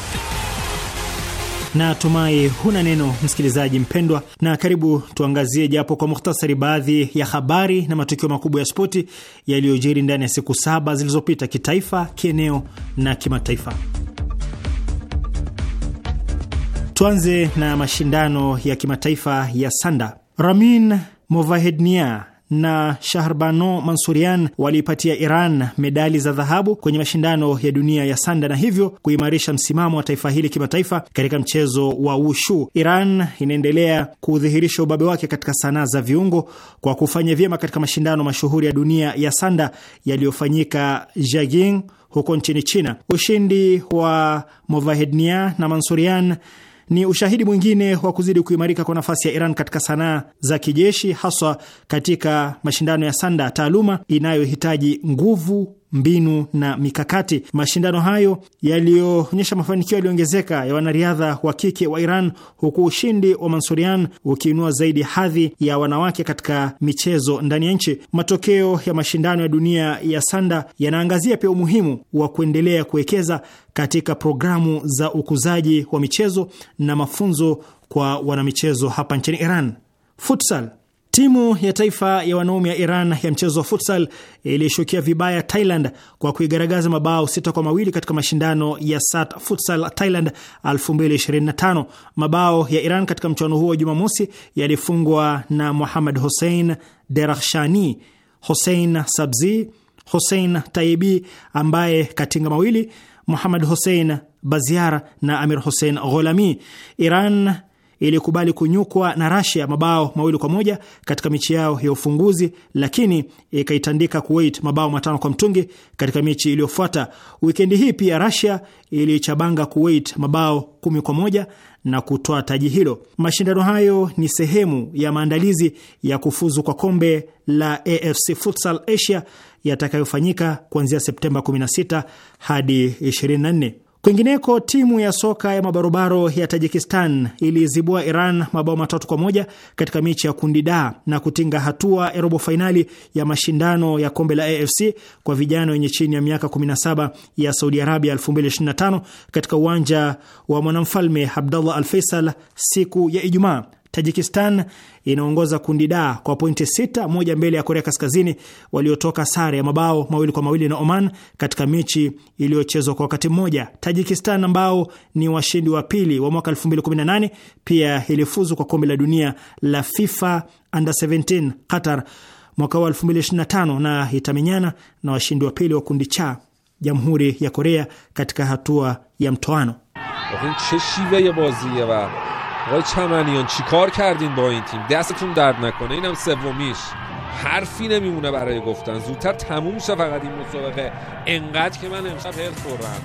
na tumai huna neno, msikilizaji mpendwa, na karibu tuangazie japo kwa muhtasari baadhi ya habari na matukio makubwa ya spoti yaliyojiri ndani ya siku saba zilizopita, kitaifa, kieneo na kimataifa. Tuanze na mashindano ya kimataifa ya sanda. Ramin Movahednia na Shahrbano Mansurian waliipatia Iran medali za dhahabu kwenye mashindano ya dunia ya sanda na hivyo kuimarisha msimamo wa taifa hili kimataifa katika mchezo wa ushu Iran inaendelea kudhihirisha ubabe wake katika sanaa za viungo kwa kufanya vyema katika mashindano mashuhuri ya dunia ya sanda yaliyofanyika jaging huko nchini China. Ushindi wa Movahednia na Mansurian ni ushahidi mwingine wa kuzidi kuimarika kwa nafasi ya Iran katika sanaa za kijeshi, haswa katika mashindano ya sanda, taaluma inayohitaji nguvu mbinu na mikakati. Mashindano hayo yaliyoonyesha mafanikio yaliyoongezeka ya wanariadha wa kike wa Iran, huku ushindi wa Mansurian ukiinua zaidi hadhi ya wanawake katika michezo ndani ya nchi. Matokeo ya mashindano ya dunia ya sanda yanaangazia pia umuhimu wa kuendelea kuwekeza katika programu za ukuzaji wa michezo na mafunzo kwa wanamichezo hapa nchini Iran. Futsal. Timu ya taifa ya wanaume ya Iran ya mchezo wa futsal ilishukia vibaya Thailand kwa kuigaragaza mabao sita kwa mawili katika mashindano ya SAT Futsal Thailand 2025. Mabao ya Iran katika mchuano huo wa Jumamosi yalifungwa na Muhammad Hussein Derakhshani, Hussein Sabzi, Hussein Taibi ambaye katinga mawili Muhammad Hussein Baziara na Amir Hussein Gholami. Iran ilikubali kunyukwa na Rasia mabao mawili kwa moja katika michi yao ya ufunguzi, lakini ikaitandika Kuwait mabao matano kwa mtungi katika michi iliyofuata. Wikendi hii pia Rasia ilichabanga Kuwait mabao kumi kwa moja na kutoa taji hilo. Mashindano hayo ni sehemu ya maandalizi ya kufuzu kwa kombe la AFC Futsal Asia yatakayofanyika kuanzia Septemba 16 hadi 24. Kwingineko, timu ya soka ya mabarobaro ya Tajikistan ilizibua Iran mabao matatu kwa moja katika mechi ya kundi da na kutinga hatua ya robo fainali ya mashindano ya kombe la AFC kwa vijana wenye chini ya miaka 17 ya Saudi Arabia 2025 katika uwanja wa Mwanamfalme Abdallah Al Faisal siku ya Ijumaa. Tajikistan inaongoza kundi da kwa pointi sita moja mbele ya Korea Kaskazini waliotoka sare ya mabao mawili kwa mawili na Oman katika mechi iliyochezwa kwa wakati mmoja. Tajikistan ambao ni washindi wa pili wa mwaka 2018 pia ilifuzu kwa kombe la dunia la FIFA under 17 Qatar mwaka wa 2025 na itamenyana na washindi wa pili wa kundi cha Jamhuri ya Korea katika hatua ya mtoano. آقای چمنیان چیکار کردین با این تیم دستتون درد نکنه اینم سومیش حرفی نمیمونه برای گفتن زودتر تموم شه فقط این مسابقه انقدر که من امشب هر خورم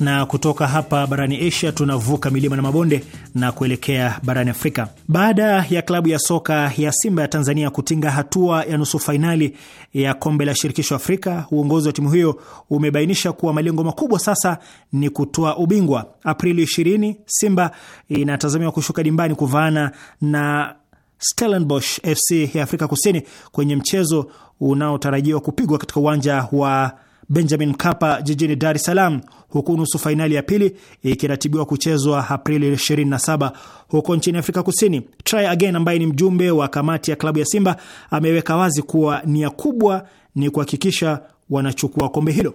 na kutoka hapa barani Asia tunavuka milima na mabonde na kuelekea barani Afrika. Baada ya klabu ya soka ya Simba ya Tanzania kutinga hatua ya nusu fainali ya kombe la shirikisho Afrika, uongozi wa timu hiyo umebainisha kuwa malengo makubwa sasa ni kutoa ubingwa. Aprili 20 Simba inatazamiwa kushuka dimbani kuvaana na Stellenbosch FC ya Afrika Kusini kwenye mchezo unaotarajiwa kupigwa katika uwanja wa Benjamin Mkapa jijini Dar es Salaam, huku nusu fainali ya pili ikiratibiwa kuchezwa Aprili 27 huko nchini Afrika Kusini. Try Again ambaye ni mjumbe wa kamati ya klabu ya Simba ameweka wazi kuwa nia kubwa ni kuhakikisha wanachukua kombe hilo.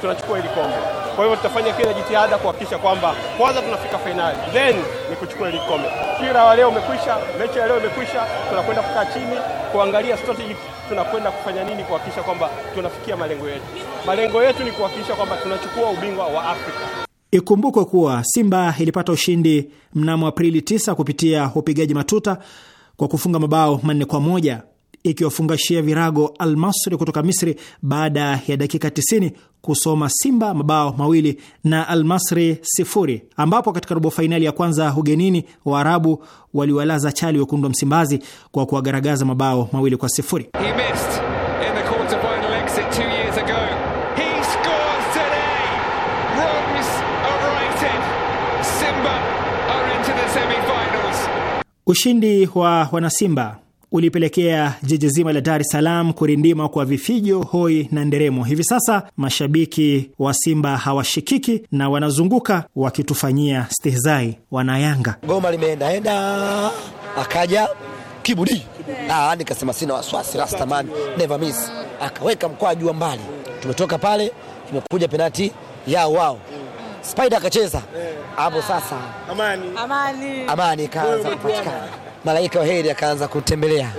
Tunachukua hili kombe kwa hivyo tutafanya kila jitihada kuhakikisha kwamba kwanza tunafika fainali, then ni kuchukua ile kombe. Mpira wa leo umekwisha, mechi ya leo imekwisha, tunakwenda kukaa chini kuangalia strategy, tunakwenda kufanya nini kuhakikisha kwamba tunafikia malengo yetu. Malengo yetu ni kuhakikisha kwamba tunachukua ubingwa wa Afrika. Ikumbukwe kuwa Simba ilipata ushindi mnamo Aprili 9 kupitia upigaji matuta kwa kufunga mabao manne kwa moja ikiwafungashia virago Almasri kutoka Misri baada ya dakika 90 kusoma Simba mabao mawili na Almasri sifuri, ambapo katika robo fainali ya kwanza ugenini Waarabu waliwalaza chali wekundu wa Msimbazi kwa kuwagaragaza mabao mawili kwa sifuri. Ushindi wa wanasimba ulipelekea jiji zima la Dar es Salaam kurindima kwa vifijo, hoi na nderemo. Hivi sasa mashabiki wa Simba hawashikiki na wanazunguka wakitufanyia stihzai. Wanayanga goma limeendaenda, akaja kibudi, ah, nikasema sina wasiwasi, rastaman never miss, akaweka mkwaa jua mbali. Tumetoka pale, tumekuja penati yao wao Spider akacheza eh. hapo. Sasa amani, amani, amani ikaanza kupatikana malaika wa heri akaanza kutembelea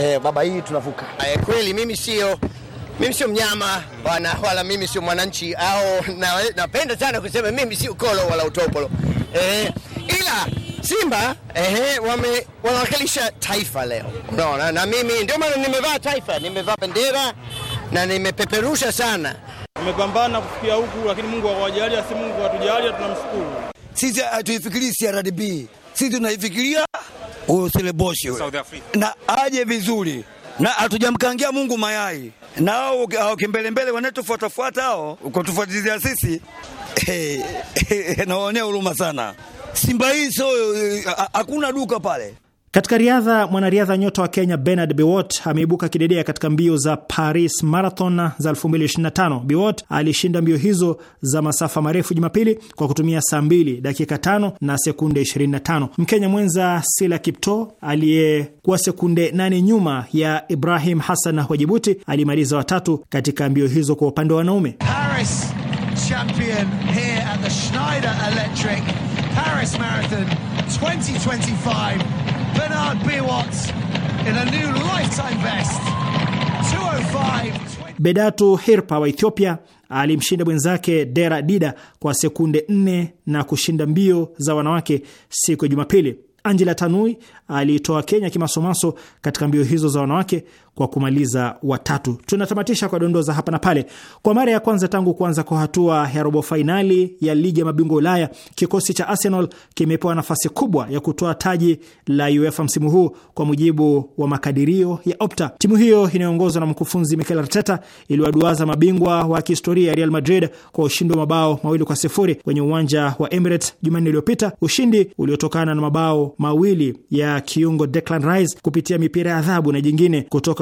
e, baba, hii tunavuka e, kweli. Mimi sio mimi sio mnyama bwana, wala mimi sio mwananchi au napenda na sana kusema mimi sio kolo wala utopolo e, ila Simba eh, wame wanawakilisha taifa leo, unaona, na mimi ndio maana nimevaa taifa, nimevaa bendera na nimepeperusha sana. Tumepambana kufikia huku, lakini Mungu akawajalia, si Mungu atujalia, tunamshukuru. Sisi hatuifikirii CRDB, sisi tunaifikiria huyo Seleboshi na aje vizuri na hatujamkangia Mungu mayai na hao kimbelembele wanatufuatafuata hao kutufuatilizia sisi nawaonea huruma sana. Simba hii sio eh, hakuna duka pale, katika riadha, mwanariadha nyota wa Kenya Bernard Biwot ameibuka kidedea katika mbio za Paris Marathon za 2025. Biwot alishinda mbio hizo za masafa marefu Jumapili kwa kutumia saa 2 dakika 5 na sekunde 25. Mkenya mwenza Sila Kipto aliyekuwa sekunde 8 nyuma ya Ibrahim Hassan wa Jibuti alimaliza watatu katika mbio hizo kwa upande wa wanaume. Paris champion here at the Schneider Electric Paris Marathon 2025. Bernard Biwat in a new lifetime best 205. Bedatu Hirpa wa Ethiopia alimshinda mwenzake Dera Dida kwa sekunde nne na kushinda mbio za wanawake siku ya Jumapili. Angela Tanui aliitoa Kenya kimasomaso katika mbio hizo za wanawake kwa kumaliza watatu. Tunatamatisha kwa dondoza hapa na pale. Kwa mara ya kwanza tangu kuanza kwa hatua ya robo fainali ya ligi ya mabingwa Ulaya, kikosi cha Arsenal kimepewa nafasi kubwa ya kutoa taji la UEFA msimu huu kwa mujibu wa makadirio ya Opta. Timu hiyo inayoongozwa na mkufunzi Mikel Arteta iliwaduaza mabingwa wa kihistoria ya Real Madrid kwa ushindi wa mabao mawili kwa sifuri kwenye uwanja wa Emirates Jumanne iliyopita, ushindi uliotokana na mabao mawili ya kiungo Declan Rice kupitia mipira ya adhabu na jingine kutoka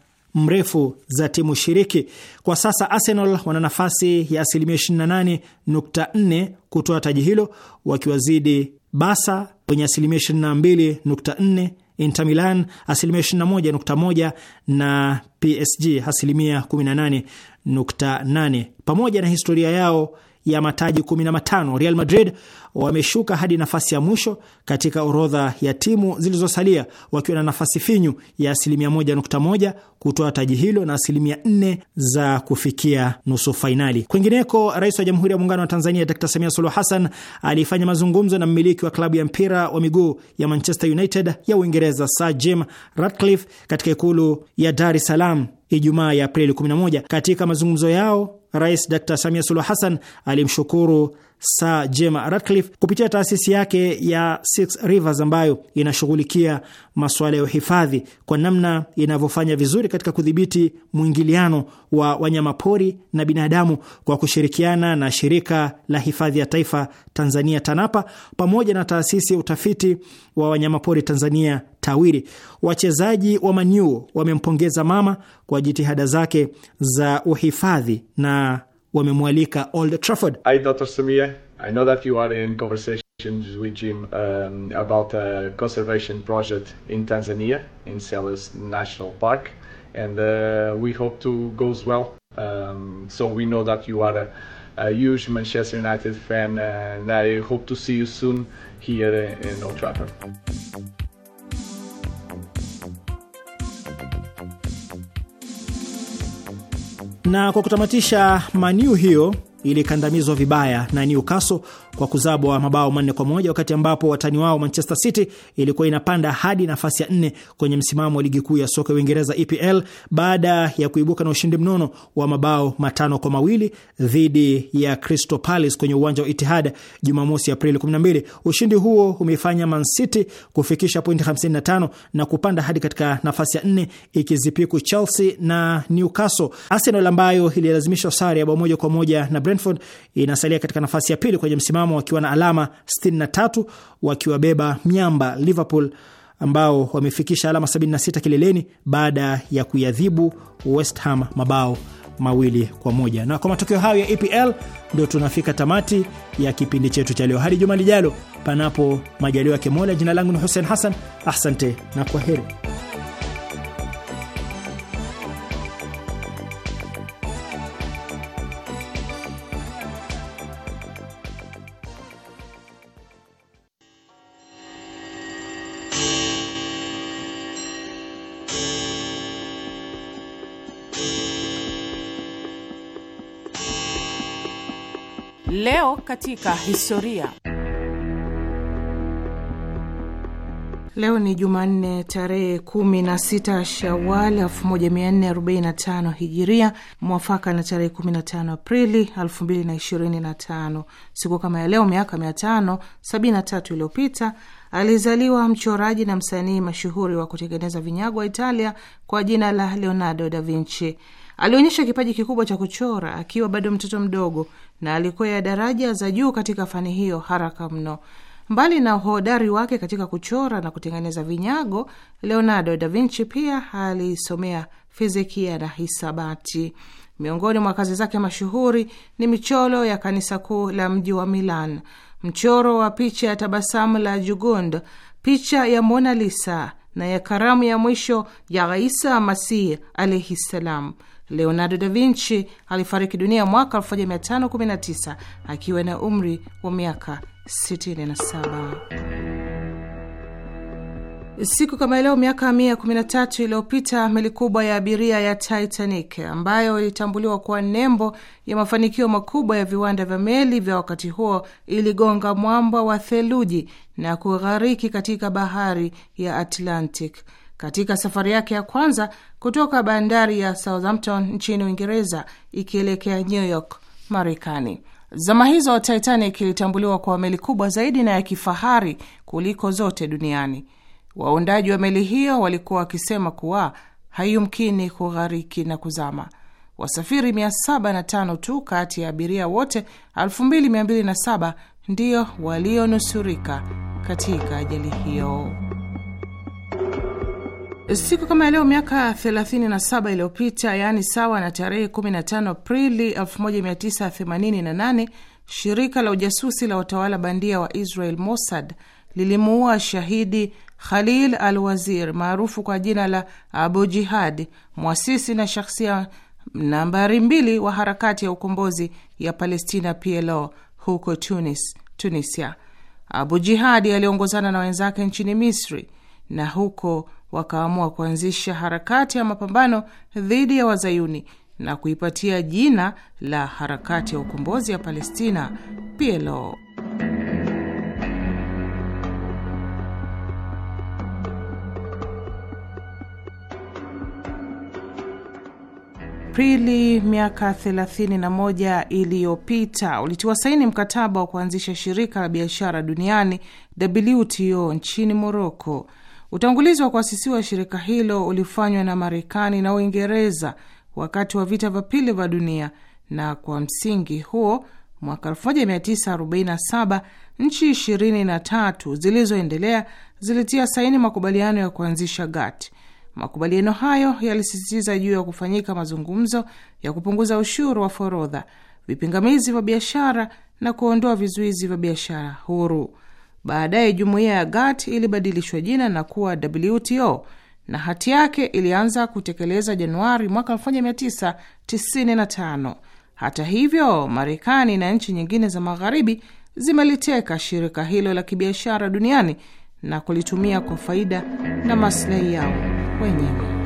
mrefu za timu shiriki. Kwa sasa Arsenal wana nafasi ya asilimia 28.4 kutoa taji hilo, wakiwazidi Barca wenye asilimia 22.4, Inter Milan asilimia 21.1 na PSG asilimia 18.8. Pamoja na historia yao ya mataji 15. Real Madrid wameshuka hadi nafasi ya mwisho katika orodha ya timu zilizosalia wakiwa na nafasi finyu ya asilimia 1.1 kutoa taji hilo na asilimia 4 za kufikia nusu fainali. Kwingineko, Rais wa Jamhuri ya Muungano wa Tanzania Dr Samia Suluhu Hassan alifanya mazungumzo na mmiliki wa klabu ya mpira wa miguu ya Manchester United ya Uingereza Sir Jim Ratcliffe katika ikulu ya Dar es Salaam Ijumaa ya Aprili 11. Katika mazungumzo yao, Rais Dr Samia Suluhu Hassan alimshukuru Sir Jim Ratcliffe kupitia taasisi yake ya Six Rivers ambayo inashughulikia masuala ya uhifadhi kwa namna inavyofanya vizuri katika kudhibiti mwingiliano wa wanyamapori na binadamu kwa kushirikiana na shirika la hifadhi ya taifa Tanzania TANAPA pamoja na taasisi ya utafiti wa wanyamapori Tanzania tawiri. Wachezaji wa Maniu wamempongeza mama kwa jitihada zake za uhifadhi na wamemwalika Old Trafford. Hi, Dr. I know that you are in conversations with Jim um, about a conservation project in Tanzania in Selous National Park and uh, we hope to goes well. Um, so we know that you are a, a huge Manchester United fan and I hope to see you soon here in Old Trafford. Na kwa kutamatisha, maniu hiyo ilikandamizwa vibaya na Newcastle kwa kuzabwa mabao manne kwa moja wakati ambapo watani wao Manchester City ilikuwa inapanda hadi nafasi ya nne kwenye msimamo wa ligi kuu ya soka ya Uingereza EPL baada ya kuibuka na ushindi mnono wa mabao matano kwa mawili dhidi ya Crystal Palace kwenye uwanja wa Itihad Jumamosi Aprili 12. Ushindi huo umeifanya Man City kufikisha pointi 55 na kupanda hadi katika nafasi ya nne ikizipiku Chelsea na Newcastle. Arsenal ambayo ililazimishwa sare ya bao moja kwa moja na Brentford inasalia katika nafasi ya pili kwenye msimamo Tottenham wakiwa na alama 63 wakiwabeba miamba Liverpool ambao wamefikisha alama 76 kileleni baada ya kuyadhibu West Ham mabao mawili kwa moja. Na kwa matokeo hayo ya EPL ndio tunafika tamati ya kipindi chetu cha leo. Hadi juma lijalo, panapo majaliwa ya Jina langu ni Hussein Hassan, asante na kwa heri. Leo katika historia. Leo ni Jumanne tarehe 16 Shawal 1445 Hijiria, mwafaka na tarehe 15 Aprili 2025. Siku kama ya leo miaka 573 iliyopita alizaliwa mchoraji na msanii mashuhuri wa kutengeneza vinyago wa Italia kwa jina la Leonardo da Vinci. Alionyesha kipaji kikubwa cha kuchora akiwa bado mtoto mdogo na alikwea daraja za juu katika fani hiyo haraka mno. Mbali na uhodari wake katika kuchora na kutengeneza vinyago, Leonardo da Vinci pia alisomea fizikia na hisabati. Miongoni mwa kazi zake mashuhuri ni michoro ya kanisa kuu la mji wa Milan, mchoro wa picha ya tabasamu la Jugund, picha ya Mona Lisa na ya karamu ya mwisho ya Isa Masih alaihi ssalam. Leonardo da Vinci alifariki dunia mwaka 1519 akiwa na umri wa miaka 67. Siku kama leo miaka 113 iliyopita meli kubwa ya abiria ya Titanic ambayo ilitambuliwa kuwa nembo ya mafanikio makubwa ya viwanda vya meli vya wakati huo iligonga mwamba wa theluji na kughariki katika bahari ya Atlantic katika safari yake ya kwanza kutoka bandari ya Southampton nchini Uingereza ikielekea New York, Marekani. Zama hizo Titanic ilitambuliwa kwa meli kubwa zaidi na ya kifahari kuliko zote duniani. Waundaji wa meli hiyo walikuwa wakisema kuwa haiyumkini kughariki na kuzama. Wasafiri 705 tu kati ya abiria wote 2207 ndio walionusurika katika ajali hiyo. Siku kama leo miaka 37 iliyopita, yaani sawa na tarehe 15 Aprili 1988, shirika la ujasusi la utawala bandia wa Israel Mossad lilimuua shahidi Khalil al-Wazir maarufu kwa jina la Abu Jihad, mwasisi na shakhsia nambari mbili wa harakati ya ukombozi ya Palestina PLO huko Tunis, Tunisia. Abu Jihadi aliongozana na wenzake nchini Misri na huko wakaamua kuanzisha harakati ya mapambano dhidi ya wazayuni na kuipatia jina la harakati ya ukombozi ya Palestina, PLO. Aprili miaka 31 iliyopita ulitiwa saini mkataba wa kuanzisha shirika la biashara duniani WTO nchini Moroko. Utangulizi wa kuasisiwa shirika hilo ulifanywa na Marekani na Uingereza wakati wa vita vya pili vya dunia, na kwa msingi huo mwaka 1947 nchi 23 zilizoendelea zilitia saini makubaliano ya kuanzisha GATT. Makubaliano hayo yalisisitiza juu ya kufanyika mazungumzo ya kupunguza ushuru wa forodha, vipingamizi vya biashara na kuondoa vizuizi vya biashara huru. Baadaye jumuiya ya GATT ilibadilishwa jina na kuwa WTO na hati yake ilianza kutekeleza Januari mwaka 1995. Hata hivyo, Marekani na nchi nyingine za magharibi zimeliteka shirika hilo la kibiashara duniani na kulitumia kwa faida na maslahi yao wenyewe.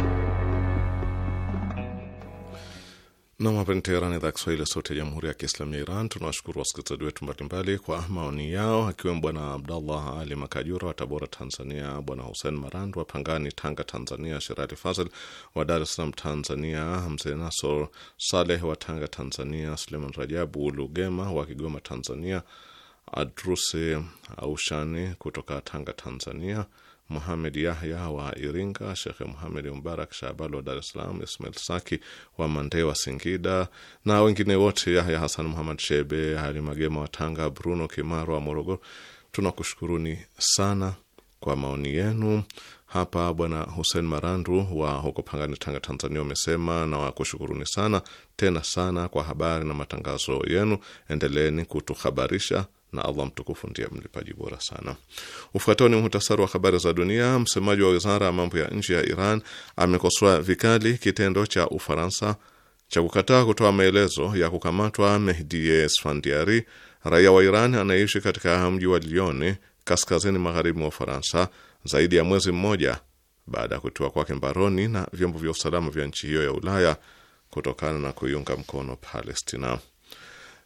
Nam, hapa ni Teherani, idhaa Kiswahili, sauti ya jamhuri ya kiislamu ya Iran. Tunawashukuru wasikilizaji wetu mbalimbali kwa maoni yao, akiwemo Bwana Abdallah Ali Makajura wa Tabora, Tanzania, Bwana Husein Marandu wa Pangani, Tanga, Tanzania, Sherali Fazil wa Dar es Salaam, Tanzania, Mzee Nasor Saleh wa Tanga, Tanzania, Suleiman Rajabu Lugema wa Kigoma, Tanzania, Adrusi Aushani kutoka Tanga, Tanzania, Muhamed Yahya wa Iringa, Shekhe Muhamed Mubarak Shabal wa Dar es Salaam, Ismail Saki wa Mandee wa Singida na wengine wote, Yahya Hasan Muhamad Shebe, Ali Magema wa Tanga, Bruno Kimaro wa Morogoro. Tunakushukuruni sana kwa maoni yenu. Hapa Bwana Hussein Marandu wa huko Pangani, Tanga, Tanzania, umesema na wakushukuruni sana tena sana kwa habari na matangazo yenu. Endeleeni kutuhabarisha na Allah mtukufu ndiye mlipaji bora sana. Ufuatao ni muhtasari wa habari za dunia. Msemaji wa wizara ya mambo ya nje ya Iran amekosoa vikali kitendo cha Ufaransa cha kukataa kutoa maelezo ya kukamatwa Mehdi Esfandiari, raia wa Iran anayeishi katika mji wa Lyon kaskazini magharibi mwa Ufaransa, zaidi ya mwezi mmoja baada ya kutiwa kwake mbaroni na vyombo vya usalama vya nchi hiyo ya Ulaya kutokana na kuiunga mkono Palestina.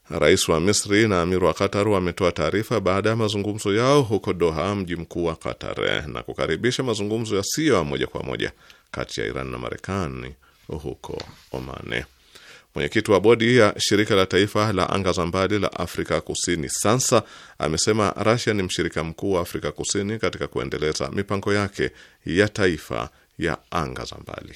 Rais wa Misri na Amir wa Qatar wametoa taarifa baada ya mazungumzo yao huko Doha, mji mkuu wa Qatar, na kukaribisha mazungumzo yasiyo ya moja kwa moja kati ya Iran na Marekani huko Oman. Mwenyekiti wa bodi ya shirika la taifa la anga za mbali la Afrika Kusini SANSA amesema Rasia ni mshirika mkuu wa Afrika Kusini katika kuendeleza mipango yake ya taifa ya anga za mbali